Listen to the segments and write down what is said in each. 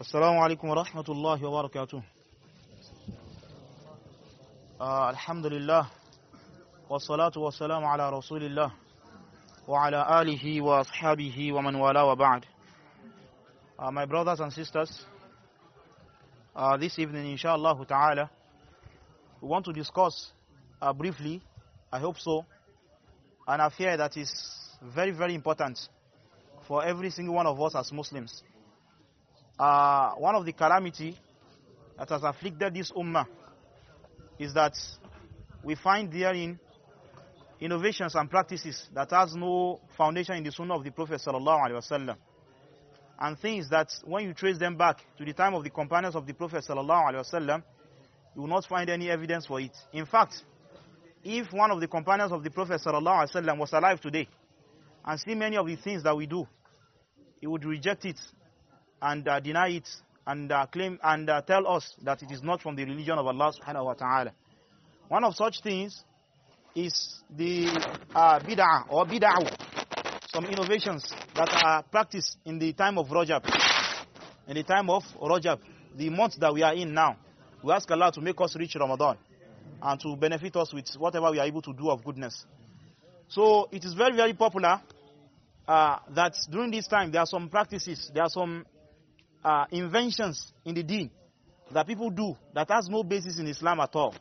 السلام عليكم ورحمة الله وبركاته آه الحمد لله والصلاة والسلام على رسول الله وعلى آله وأصحابه ومن والاه وبعد uh, My brothers and sisters uh, This evening inshallah ta'ala We want to discuss uh, briefly I hope so An affair that is very very important For every single one of us as Muslims uh, one of the calamity that has afflicted this ummah is that we find therein innovations and practices that has no foundation in the sunnah of the prophet sallallahu alaihi wasallam and things that when you trace them back to the time of the companions of the prophet sallallahu alaihi wasallam you will not find any evidence for it in fact if one of the companions of the prophet sallallahu alaihi wasallam was alive today and see many of the things that we do he would reject it and uh, deny it and uh, claim and uh, tell us that it is not from the religion of Allah subhanahu wa ta'ala. One of such things is the uh, bid'ah or bid'ah, some innovations that are practiced in the time of Rajab, in the time of Rajab, the month that we are in now. We ask Allah to make us reach Ramadan and to benefit us with whatever we are able to do of goodness. So it is very, very popular uh, that during this time there are some practices, there are some uh, inventions in the deen that people do that has no basis in Islam at all.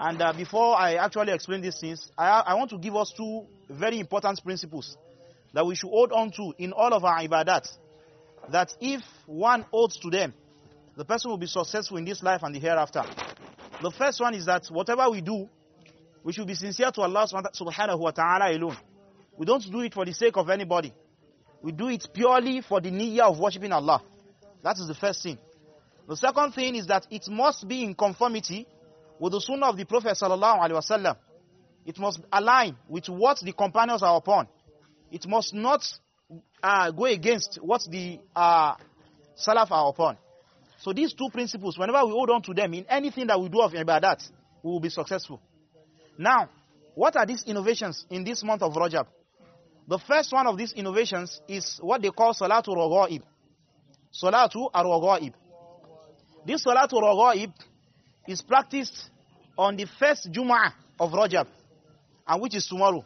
And uh, before I actually explain these things, I, I want to give us two very important principles that we should hold on to in all of our ibadat. That if one holds to them, the person will be successful in this life and the hereafter. The first one is that whatever we do, we should be sincere to Allah subhanahu wa ta'ala alone. We don't do it for the sake of anybody we do it purely for the niyyah of worshiping Allah. That is the first thing. The second thing is that it must be in conformity with the sunnah of the Prophet sallallahu alaihi wasallam. It must align with what the companions are upon. It must not uh, go against what the uh, salaf are upon. So these two principles, whenever we hold on to them in anything that we do of ibadat, we will be successful. Now, what are these innovations in this month of Rajab? The first one of these innovations is what they call Salatul Raghaib. Salatul Raghaib. This Salatul Raghaib is practiced on the first Jumu'ah of Rajab, and which is tomorrow.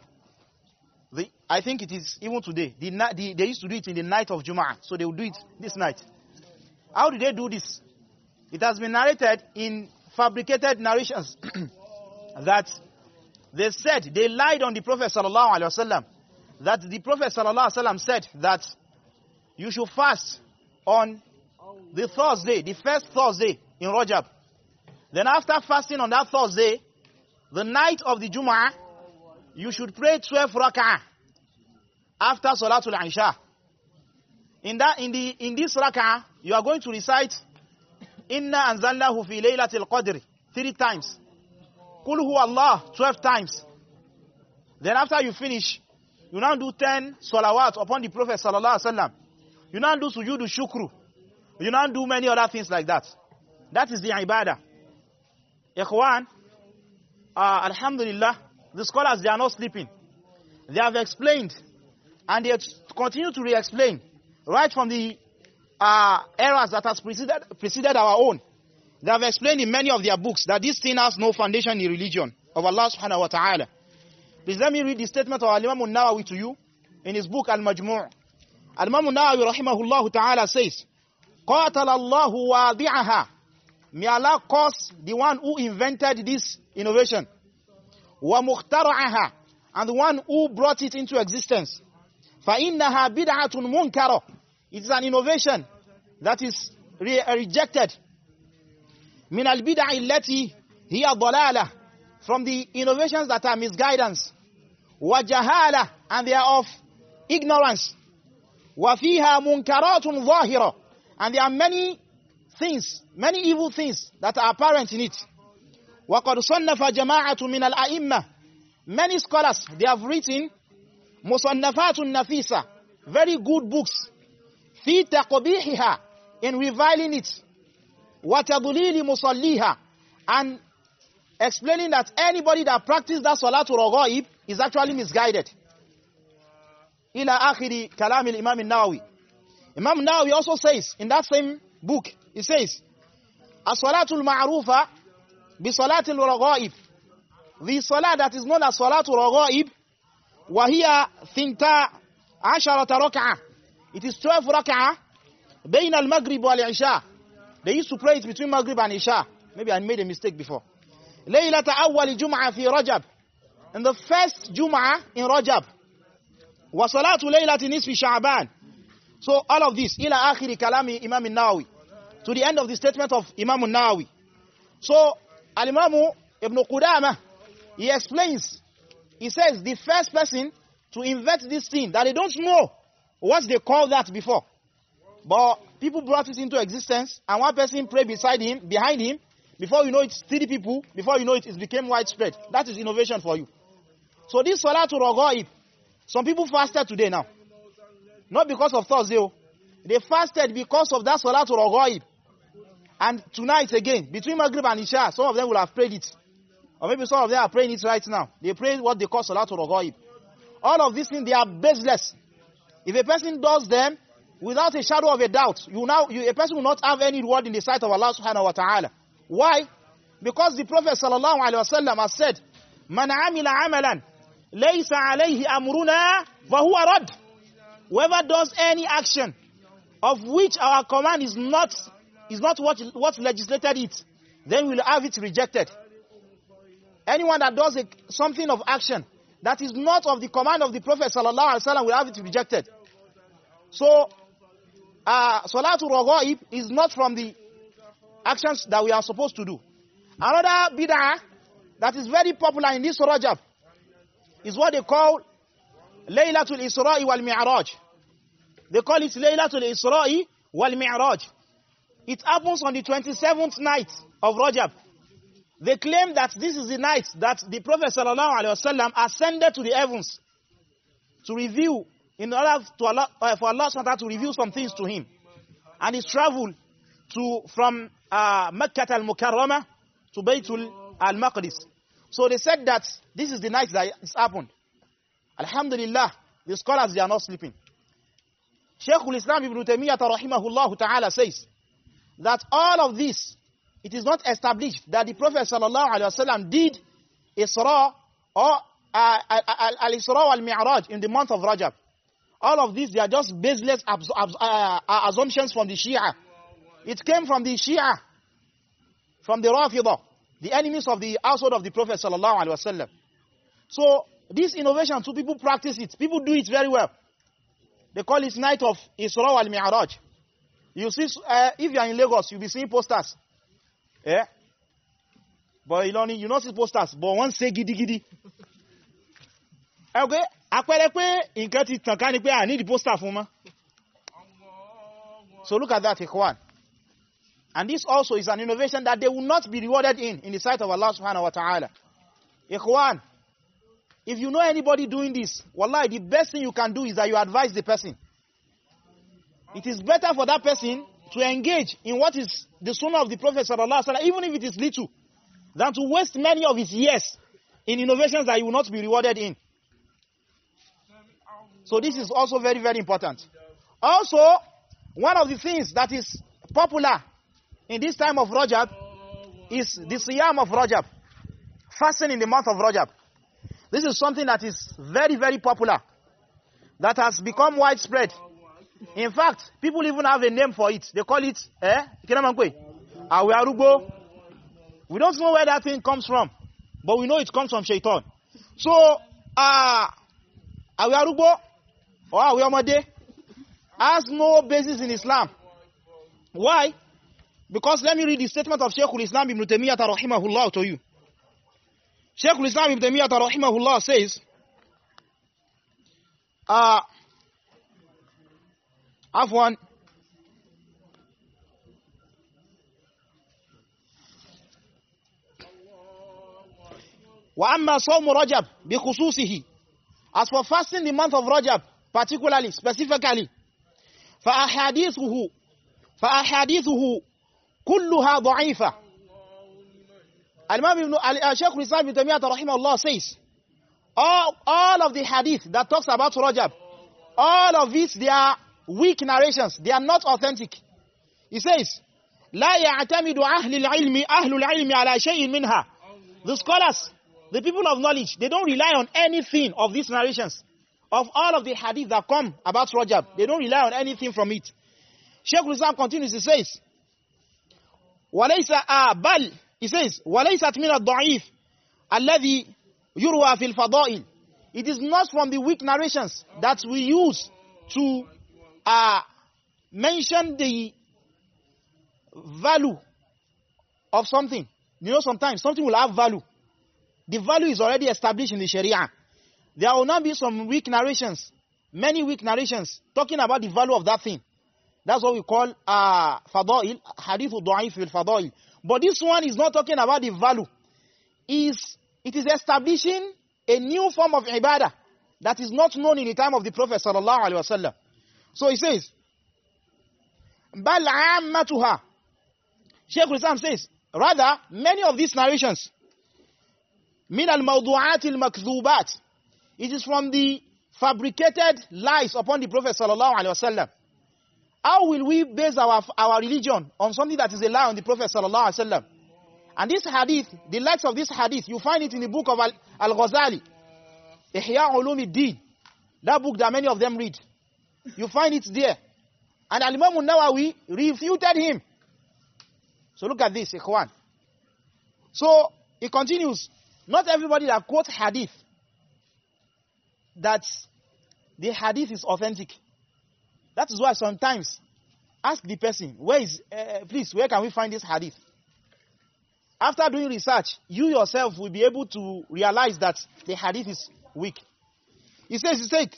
The, I think it is even today. The, the, they used to do it in the night of Jumu'ah, so they will do it this night. How do they do this? It has been narrated in fabricated narrations that they said they lied on the Prophet sallallahu alaihi wasallam that the Prophet ﷺ said that you should fast on the Thursday, the first Thursday in Rajab. Then after fasting on that Thursday, the night of the Jum'ah, you should pray 12 rak'ah after Salatul Isha. In that in the in this rak'ah, you are going to recite Inna anzalnahu fi laylatil qadr 3 times. Kulhu huwa Allah 12 times. Then after you finish, you now do 10 salawat upon the Prophet sallallahu alaihi wasallam. You now do sujudu shukru. You now do many other things like that. That is the ibadah. Ikhwan, uh, alhamdulillah, the scholars, they are not sleeping. They have explained, and they continue to re-explain, right from the uh, eras that has preceded, preceded our own. They have explained in many of their books that this thing has no foundation in religion of Allah subhanahu wa ta'ala. Please let me read the statement of Al-Imam al-Nawawi to you in his book Al-Majmu' Al-Imam al-Nawawi rahimahullah ta'ala says, قاتل الله وادعها May Allah cause the one who invented this innovation. ومخترعها And the one who brought it into existence. فإنها بدعة منكرة It's an innovation that is re rejected. من البدع التي هي ضلالة From the innovations that are misguidance. وَجَهَالَةً And they are of ignorance. وَفِيهَا munkaratun ظَاهِرَةٌ And there are many things, many evil things that are apparent in it. وَقَدْ صَنَّفَ جَمَاعَةٌ al الْأَئِمَّةِ Many scholars, they have written مُصَنَّفَاتٌ nafisa, Very good books. Fi تَقْبِيحِهَا In reviling it. وَتَضُلِيلِ مُصَلِّيهَا And explaining that anybody that practices that Salatul Raghaib is actually misguided. Ila akhiri kalam al-Imam al-Nawawi. Imam Nawawi also says in that same book, he says, As-salatul ma'rufa bi salatil raghaib. The salah that is known as salatul raghaib, wa hiya thinta asharata rak'ah. It is 12 rak'ah between al-maghrib wal isha. They used to pray it between maghrib and isha. Maybe I made a mistake before. Laylat awwal jum'ah fi Rajab in the first Jum'ah in Rajab. Wa salatu laylatin nisfi Sha'ban. So all of this, ila akhiri kalami Imam nawawi To the end of the statement of Imam al-Nawawi. So al-Imam Ibn Qudama, he explains, he says the first person to invent this thing that they don't know what they call that before. But people brought it into existence and one person prayed beside him, behind him. Before you know it's three people, before you know it, it became widespread. That is innovation for you. So this salah to Raghaib, some people fasted today now. Not because of Thursday. Oh. They fasted because of that salah to Raghaib. And tonight again, between Maghrib and Isha, some of them will have prayed it. Or maybe some of them are praying it right now. They pray what they call salah to Raghaib. All of these things, they are baseless. If a person does them without a shadow of a doubt, you now you, a person will not have any reward in the sight of Allah subhanahu wa ta'ala. Why? Because the Prophet sallallahu alaihi wasallam has said, "Man amila amalan alayhi amruna أَمْرُنَا فَهُوَ رَدْ Whoever does any action of which our command is not is not what, what legislated it, then we'll have it rejected. Anyone that does a, something of action that is not of the command of the Prophet sallallahu alaihi wasallam will have it rejected. So, uh, Salatul Raghaib is not from the actions that we are supposed to do. Another bid'ah that is very popular in this Rajab is what they call Laylatul Isra'i wal Mi'raj. They call it Laylatul Isra'i wal Mi'raj. It happens on the 27th night of Rajab. They claim that this is the night that the Prophet sallallahu alaihi wasallam ascended to the heavens to reveal in order to uh, for Allah subhanahu to reveal some things to him. And his travel to from uh, Mecca al-Mukarramah to Baytul al-Maqdis. So they said that this is the night that it's happened. Alhamdulillah, the scholars, they are not sleeping. Shaykh al-Islam ibn Taymiyyah ta'ala says that all of this, it is not established that the Prophet sallallahu alayhi wasallam did Isra or uh, uh, uh, al-Isra al-Mi'raj in the month of Rajab. All of these, they are just baseless uh, assumptions from the Shia. It came from the Shia, from the Rafidah the enemies of the household of the Prophet sallallahu alaihi wasallam. So this innovation, two people practice it. People do it very well. They call it night of Isra al Mi'raj. You see, uh, if you are in Lagos, you'll be seeing posters. Yeah? But you don't, you don't see posters, but one say gidi gidi. Eh, okay? Apẹ̀rẹ̀ pé nǹkan ti tàn ká I need poster for me. So look at that, Ikhwan. And this also is an innovation that they will not be rewarded in, in the sight of Allah subhanahu wa ta'ala. Ikhwan, if you know anybody doing this, wallahi, the best thing you can do is that you advise the person. It is better for that person to engage in what is the sunnah of the Prophet sallallahu alaihi wasallam, even if it is little, than to waste many of his years in innovations that he will not be rewarded in. So this is also very, very important. Also, one of the things that is popular in this time of Rajab is the Siyam of Rajab. Fasting in the month of Rajab. This is something that is very, very popular. That has become widespread. In fact, people even have a name for it. They call it, eh? We don't know where that thing comes from. But we know it comes from Shaitan. So, uh, ah, Awearugo or Aweomade has no basis in Islam. Why? Because let me read the statement of Sheikh al-Islam ibn Taymiyyah rahimahullah to you. Sheikh al-Islam ibn Taymiyyah rahimahullah says, uh, Afwan, وَأَمَّا صَوْمُ رَجَبْ بِخُصُوصِهِ As for fasting the month of Rajab, particularly, specifically, فَأَحَادِيثُهُ فَأَحَادِيثُهُ كلها ضعيفة Imam Ibn Shaykh Islam Ibn Taymiyyah rahimahullah says all, all of the hadith that talks about Rajab all of these they are weak narrations they are not authentic he says لا يعتمد أهل العلم أهل العلم على شيء منها the scholars the people of knowledge they don't rely on anything of these narrations of all of the hadith that come about Rajab they don't rely on anything from it Sheikh Islam continues he says وليس آه bal. he says وليست من الضعيف الذي يروى في fadail. it is not from the weak narrations that we use to uh, mention the value of something you know sometimes something will have value the value is already established in the sharia there will not be some weak narrations many weak narrations talking about the value of that thing that's what we call uh, fadail, hadithu da'if fil fadail. But this one is not talking about the value. Is It is establishing a new form of ibadah that is not known in the time of the Prophet sallallahu alaihi wasallam. So he says, بَلْ عَامَّتُهَا Sheikh Islam says, rather, many of these narrations, min al-mawdu'at al-makdhubat, is from the fabricated lies upon the Prophet sallallahu alaihi wasallam. How will we base our, our religion on something that is a lie on the Prophet sallallahu alaihi wasallam? And this hadith, the likes of this hadith, you find it in the book of Al-Ghazali, Al Ihya Ulumuddin, that book that many of them read. You find it there. And Al-Imam Nawawi refuted him. So look at this, Ikhwan. So it continues. Not everybody that quotes hadith that the hadith is authentic. That is why sometimes ask the person, where is, uh, please, where can we find this hadith? After doing research, you yourself will be able to realize that the hadith is weak. He says, he said,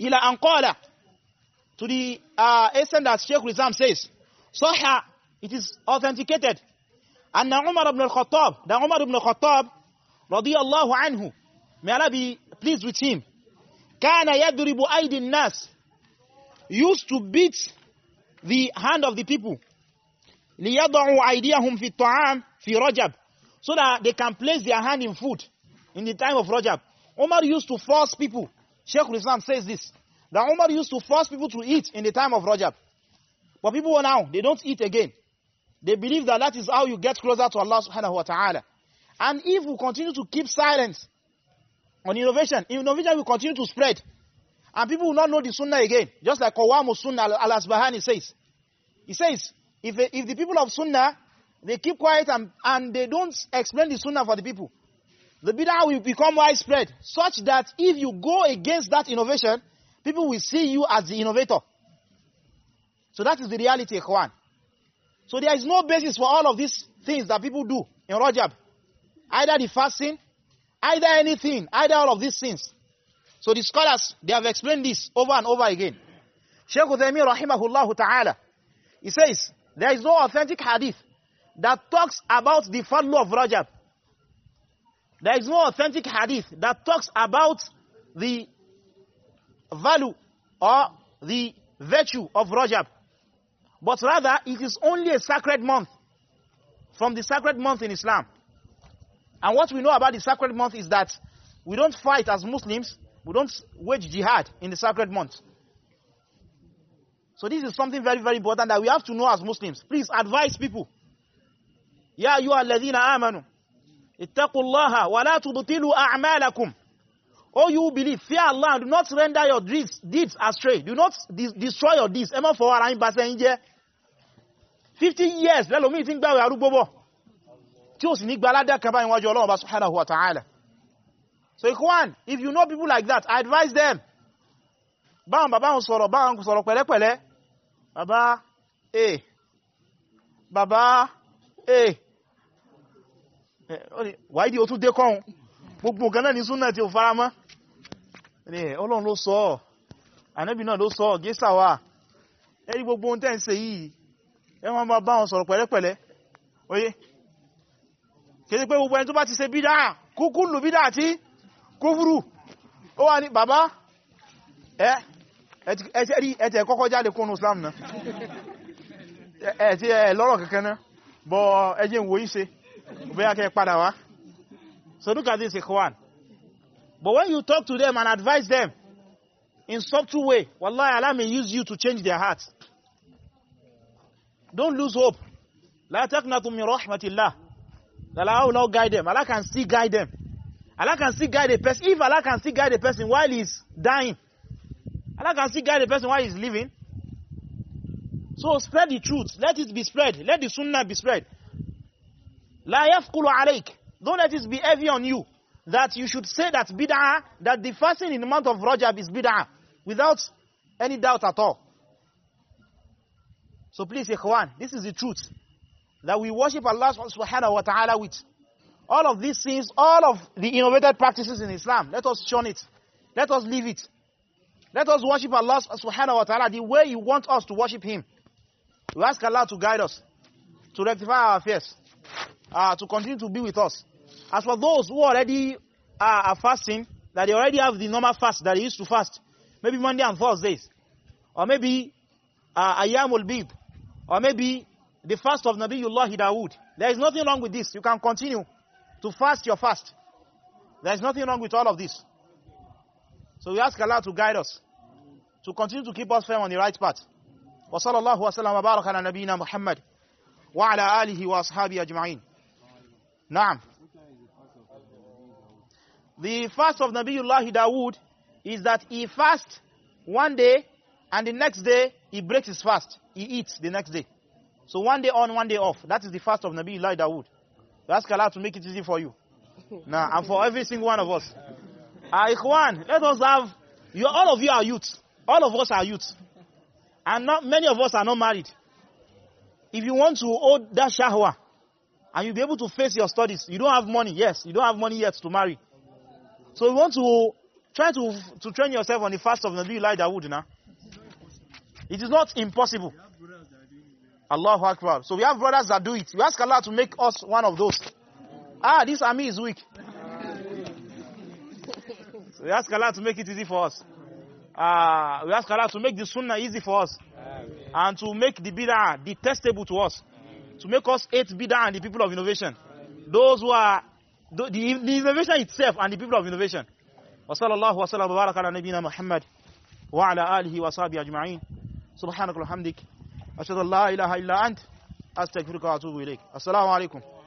ila anqala, to the uh, that Sheikh Rizam says, Sahha, it is authenticated. And Umar ibn al-Khattab, that Umar ibn al-Khattab, radiyallahu anhu, may Allah be pleased with him, كان يضرب أيدي الناس used to beat the hand of the people liyad'u aydiyahum fi at'am fi rajab so that they can place their hand in food in the time of rajab umar used to force people sheikh islam says this that umar used to force people to eat in the time of rajab but people now they don't eat again they believe that that is how you get closer to allah subhanahu wa ta'ala and if we continue to keep silence on innovation innovation will continue to spread and people will not know the sunnah again. Just like Qawamu Sunnah al-Asbahani says. He says, if, if the people of sunnah, they keep quiet and, and they don't explain the sunnah for the people, the bid'ah will become widespread, such that if you go against that innovation, people will see you as the innovator. So that is the reality, Ikhwan. So there is no basis for all of these things that people do in Rajab. Either the fasting, either anything, either all of these things. So the scholars, they have explained this over and over again. Sheikh Uthaymeen rahimahullah ta'ala, he says, there is no authentic hadith that talks about the fadlu of Rajab. There is no authentic hadith that talks about the value or the virtue of Rajab. But rather, it is only a sacred month from the sacred month in Islam. And what we know about the sacred month is that we don't fight as Muslims we don't wage jihad in the sacred month. So this is something very, very important that we have to know as Muslims. Please advise people. يا أيها الذين آمنوا اتقوا الله ولا تبطلوا أعمالكم Oh, you believe, fear Allah, do not render your deeds, deeds astray. Do not de destroy your deeds. Emma for fọwọ́ ara yín ba Fifty years lẹ́lòmíì ti ń gbàwé arúgbó bọ̀. Tí ó sì ní gbaládà kan báyìí wájú Ọlọ́run subhanahu wa ta'ala. so ikhwan if you know people like that i advise them báwọn bàbá wọn sọ̀rọ̀ báwọn kò sọ̀rọ̀ pẹ̀lẹ́pẹ̀lẹ́ bàbá a bàbá a eh, wáyé o tún dé kọ́hun gbogbo nǹkan náà ní súnà tí ó fara mọ́ ọlọ́run ló sọ ànábì náà ló sọ gẹ́sà wà ẹ̀rí gbogbo ohun tẹ́ ń ṣe yìí ẹ wọ́n bá bá wọn sọ̀rọ̀ pẹ̀lẹ́pẹ̀lẹ́ oyé kìí pé gbogbo ẹni tó bá ti ṣe bídá kúkúlù bídá àti kófúrú ó wà ní bàbá ẹ ẹ̀ṣẹ́ rí ẹ̀tẹ̀ kọ́kọ́ jáde kónú Islam náà ẹ̀tí ẹ̀ lọ́rọ̀ kankan náà bọ́ ẹjẹ́ ìwò ìṣe bóyá kẹ́ padà wá so look at this ikhwan but when you talk to them and advise them in subtle way wallahi Allah may use you to change their hearts don't lose hope la taqnatu min rahmatillah that Allah will now guide them Allah can still guide them Allah can still guide a person. If Allah can still guide a person while he's dying, Allah can still guide a person while he's living. So spread the truth. Let it be spread. Let the sunnah be spread. La yafqulu alayk. Don't let it be heavy on you that you should say that bid'ah, that the fasting in the month of Rajab is bid'ah without any doubt at all. So please, ikhwan, this is the truth that we worship Allah subhanahu wa ta'ala with. All of these things, all of the innovated practices in Islam, let us shun it. Let us leave it. Let us worship Allah subhanahu wa ta'ala the way He wants us to worship Him. We ask Allah to guide us, to rectify our affairs, uh, to continue to be with us. As for those who already uh, are fasting, that they already have the normal fast that they used to fast, maybe Monday and Thursdays, or maybe uh, Bid, or maybe the fast of Nabiullah Dawood. There is nothing wrong with this. You can continue. To fast your fast. There is nothing wrong with all of this. So we ask Allah to guide us, to continue to keep us firm on the right path. وصلى الله وسلم The fast of Nabiullah Dawood is that he fasts one day and the next day he breaks his fast. He eats the next day. So one day on, one day off. That is the fast of Nabiullah Dawood. So ask Allah to make it easy for you. Now, and for every single one of us. Uh, Ikhwan, let us have, you, all of you are youths. All of us are youths, And not many of us are not married. If you want to hold that shahwa, and you'll be able to face your studies, you don't have money, yes, you don't have money yet to marry. So you want to try to, to train yourself on the fast of Nabi Eli Dawood now. It is not impossible. Allahu Akbar. So we have brothers that do it. We ask Allah to make us one of those. Ah, this army is weak. So we ask Allah to make it easy for us. Uh, we ask Allah to make the sunnah easy for us. And to make the bid'ah detestable to us. To make us hate bid'ah and the people of innovation. Those who are, the, the, innovation itself and the people of innovation. وصلى الله وسلم وبارك على نبينا محمد وعلى اله وصحبه اجمعين سبحانك وبحمدك أشهد أن لا إله إلا أنت أستغفرك وأتوب إليك السلام عليكم